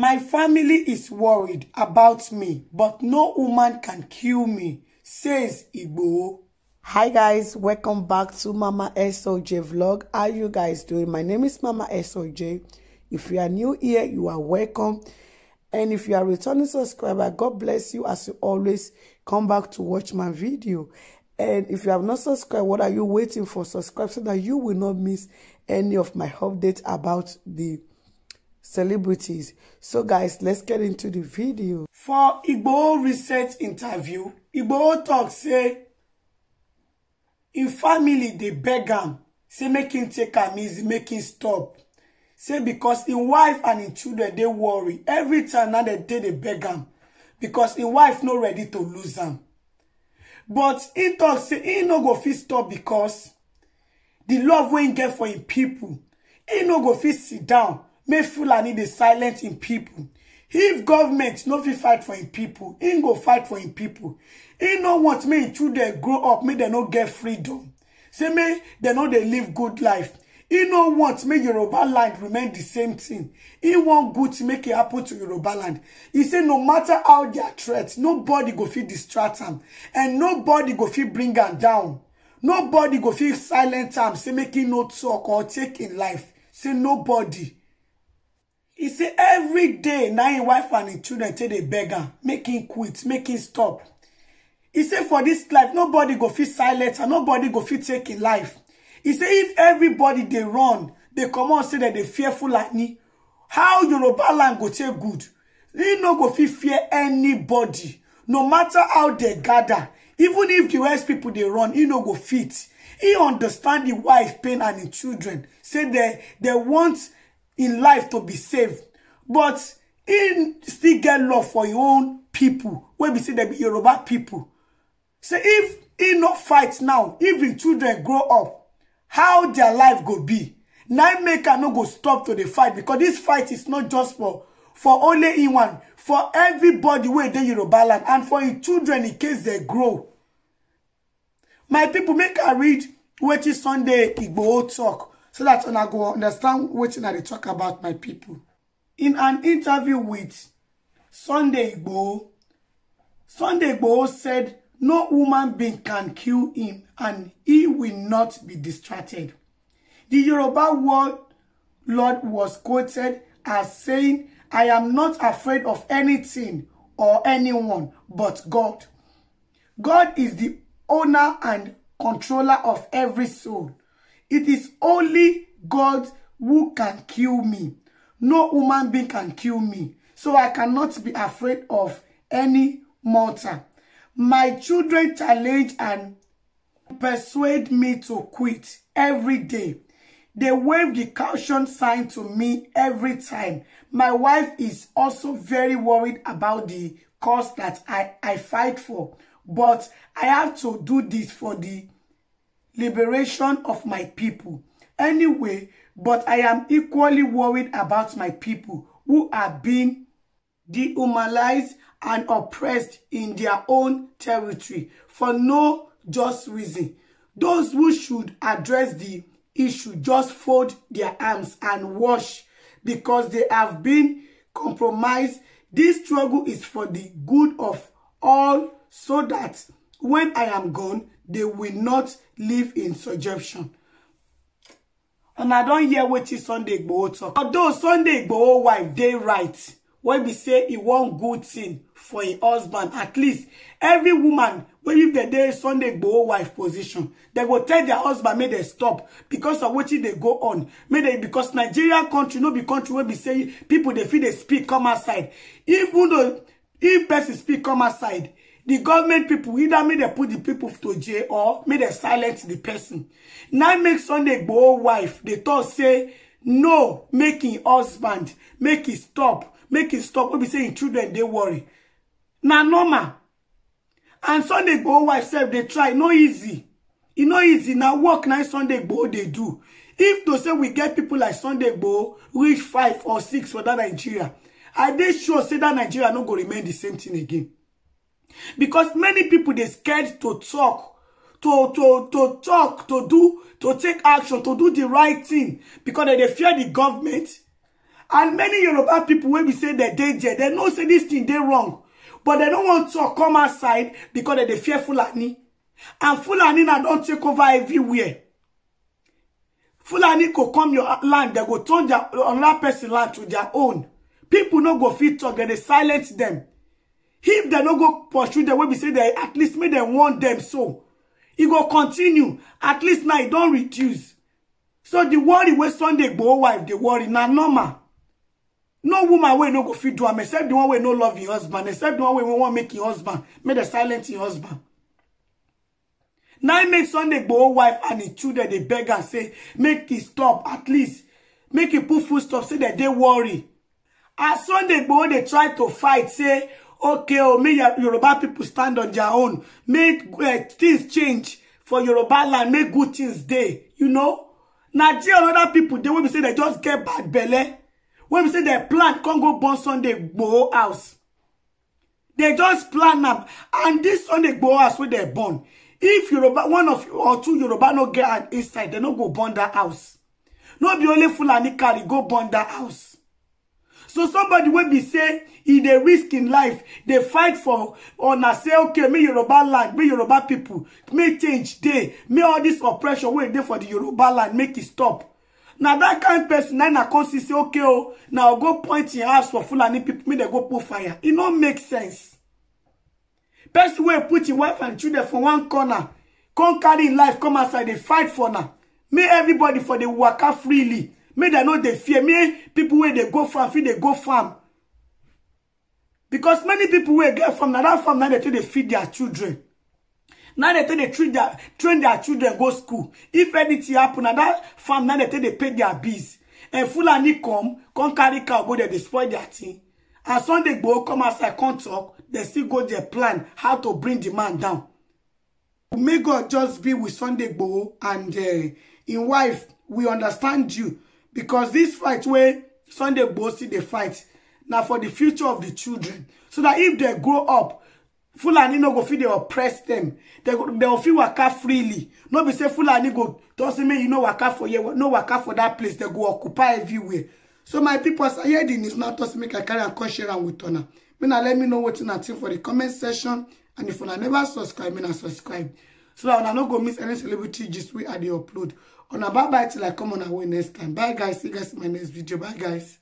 My family is worried about me, but no woman can kill me, says Igboho. Hi guys, welcome back to Mama SOJ vlog. How you guys doing? My name is Mama SOJ. If you are new here, you are welcome. And if you are returning subscriber, God bless you as you always come back to watch my video. And if you have not subscribed, what are you waiting for? Subscribe so that you will not miss any of my updates about the celebrities. So guys, let's get into the video. For Igboho recent interview, Igboho talk say, in family they beg am, say making take am is making stop. Say because im wife and im children they worry. Every time now they dey dey beg am because im wife no ready to lose am. But he talk say he no go fit stop because the love wey get for im people, he no go fit sit down make fulani the silent in people. if government no fit fight for in people, im go fight for im pipo im no want make im children grow up May they not get freedom say make they know they live good life e no want make yoruba land remain the same thing. e wan good to make it happen to yoruba land He say no matter how dia threats, nobody go fit distract am and nobody go fit bring them down nobody go fit silent am say make e no tok or take im life say nobody He say every day now him wife and him children tell dey beggar, am make him quit make him stop He say for this life nobody go feel silent and nobody go feel taking life He say if everybody they run they come comot say that they fearful like me how yoruba land go take good He no go feel fear anybody no matter how they gather even if the west people they run he no go fit He understand the wife pain and the children say they they want in life to be saved but him still get love for your own people. When we say dem be yoruba people, so if he no fight now if the children grow up how their life go be na make am no go stop to the fight because this fight is not just for for only him one for everybody where they yoruba land and for the children in case they grow my people, make i read which is sunday igboho talk so that I go understand what i dey talk about my people. in an interview with sunday igboho sunday igboho said no woman being can kill him and he will not be distracted the yoruba word lord was quoted as saying i am not afraid of anything or anyone but god god is the owner and controller of every soul It is only God who can kill me. No human being can kill me. So I cannot be afraid of any mortal. My children challenge and persuade me to quit every day. They wave the caution sign to me every time. My wife is also very worried about the cause that I, I fight for. But I have to do this for the liberation of my people. Anyway, but I am equally worried about my people who are being dehumanized and oppressed in their own territory for no just reason. Those who should address the issue just fold their arms and wash because they have been compromised. This struggle is for the good of all so that when I am gone, they will not live in subjection and i don't hear what is sunday igboho tok although sunday igboho wife they right wey we say e wan good thing for a husband at least every woman wey if dem dey sunday igboho wife position they will tell their husband "May they stop because of wetin they go on May they because nigeria country no be country where we say people they feel they speak come outside even though if person speak come outside the government people either make they put the people to jail or make they silence the person. Now make Sunday go wife. They talk say no, make him husband, make him stop, make him stop. What be saying children they worry. Now normal. And Sunday go wife self they try no easy. E no easy Now work na Sunday Igboho they do. If to say we get people like Sunday Igboho reach five or six for that Nigeria, I they sure say that Nigeria not go remain the same thing again. Because many people they scared to talk, to to to talk, to do, to take action, to do the right thing because they, fear the government. And many Yoruba people when we say that danger, they know say this thing they wrong, but they don't want to come outside because they, fear Fulani. And Fulani now don't take over everywhere. Fulani go come your land, they go turn their another person land to their own. People no go fit talk, they silence them if they no go pursue dem wey be say they at least make them want them so e go continue at least now e don't reduce so di worry wey sunday gbowoo wife dey worry na normal no woman wey no go feed do am except the one wey no love your husband except the one wey wan make your husband make dem silent your husband Now im make sunday gbowoo wife and im children they beg and say make e stop at least make e put full stop say that they worry as sunday gbowoo they try to fight say okay oh make yoruba people stand on their own make uh, things change for yoruba land make good things day. you know nigeria and other people they will be say they just get bad belly. When we say they plan can't go born sunday gboo house They just plan now, and this sunday go house wey dem born if yoruba one of or two yoruba no get inside they no go burn that house Not be only fulani carry go burn that house so somebody wey be say in dey risk in life they fight for or na say okay me yoruba land me yoruba people make change day make all this oppression wey dey for the yoruba land make it e stop Now that kind person na na come see say okay oh now go point your house for full fulani people me they go put fire It e no make sense Best way put your wife and children for one corner come carry life come outside they fight for na May everybody for the worker freely May they know they fear me. People where they go farm feed they go farm because many people where get from na farm Now they take dey feed their children na they take dey train their children go school if anything happen na farm now they take dey pay their bills and fulani come come carry cow go there dey spoil dia thing And sunday go come outside come talk They still go their plan how to bring the man down may god just be with sunday gboo and uh, eh, in wife we understand you because this fight where sunday go still fight now for the future of the children so that if they grow up fulani no go feel they oppress dem dem go fit waka freely no be say fulani go don say make you no waka for here no waka for that place They go occupy everywhere so my people, as i hear di news now tok make a carry am come share am with una make let me know what i think for the comment section and if una never subscribe make na subscribe so that una no go miss any celebrity just we add dey upload Una bye bye till I come on away next time. Bye guys. See you guys in my next video. Bye guys.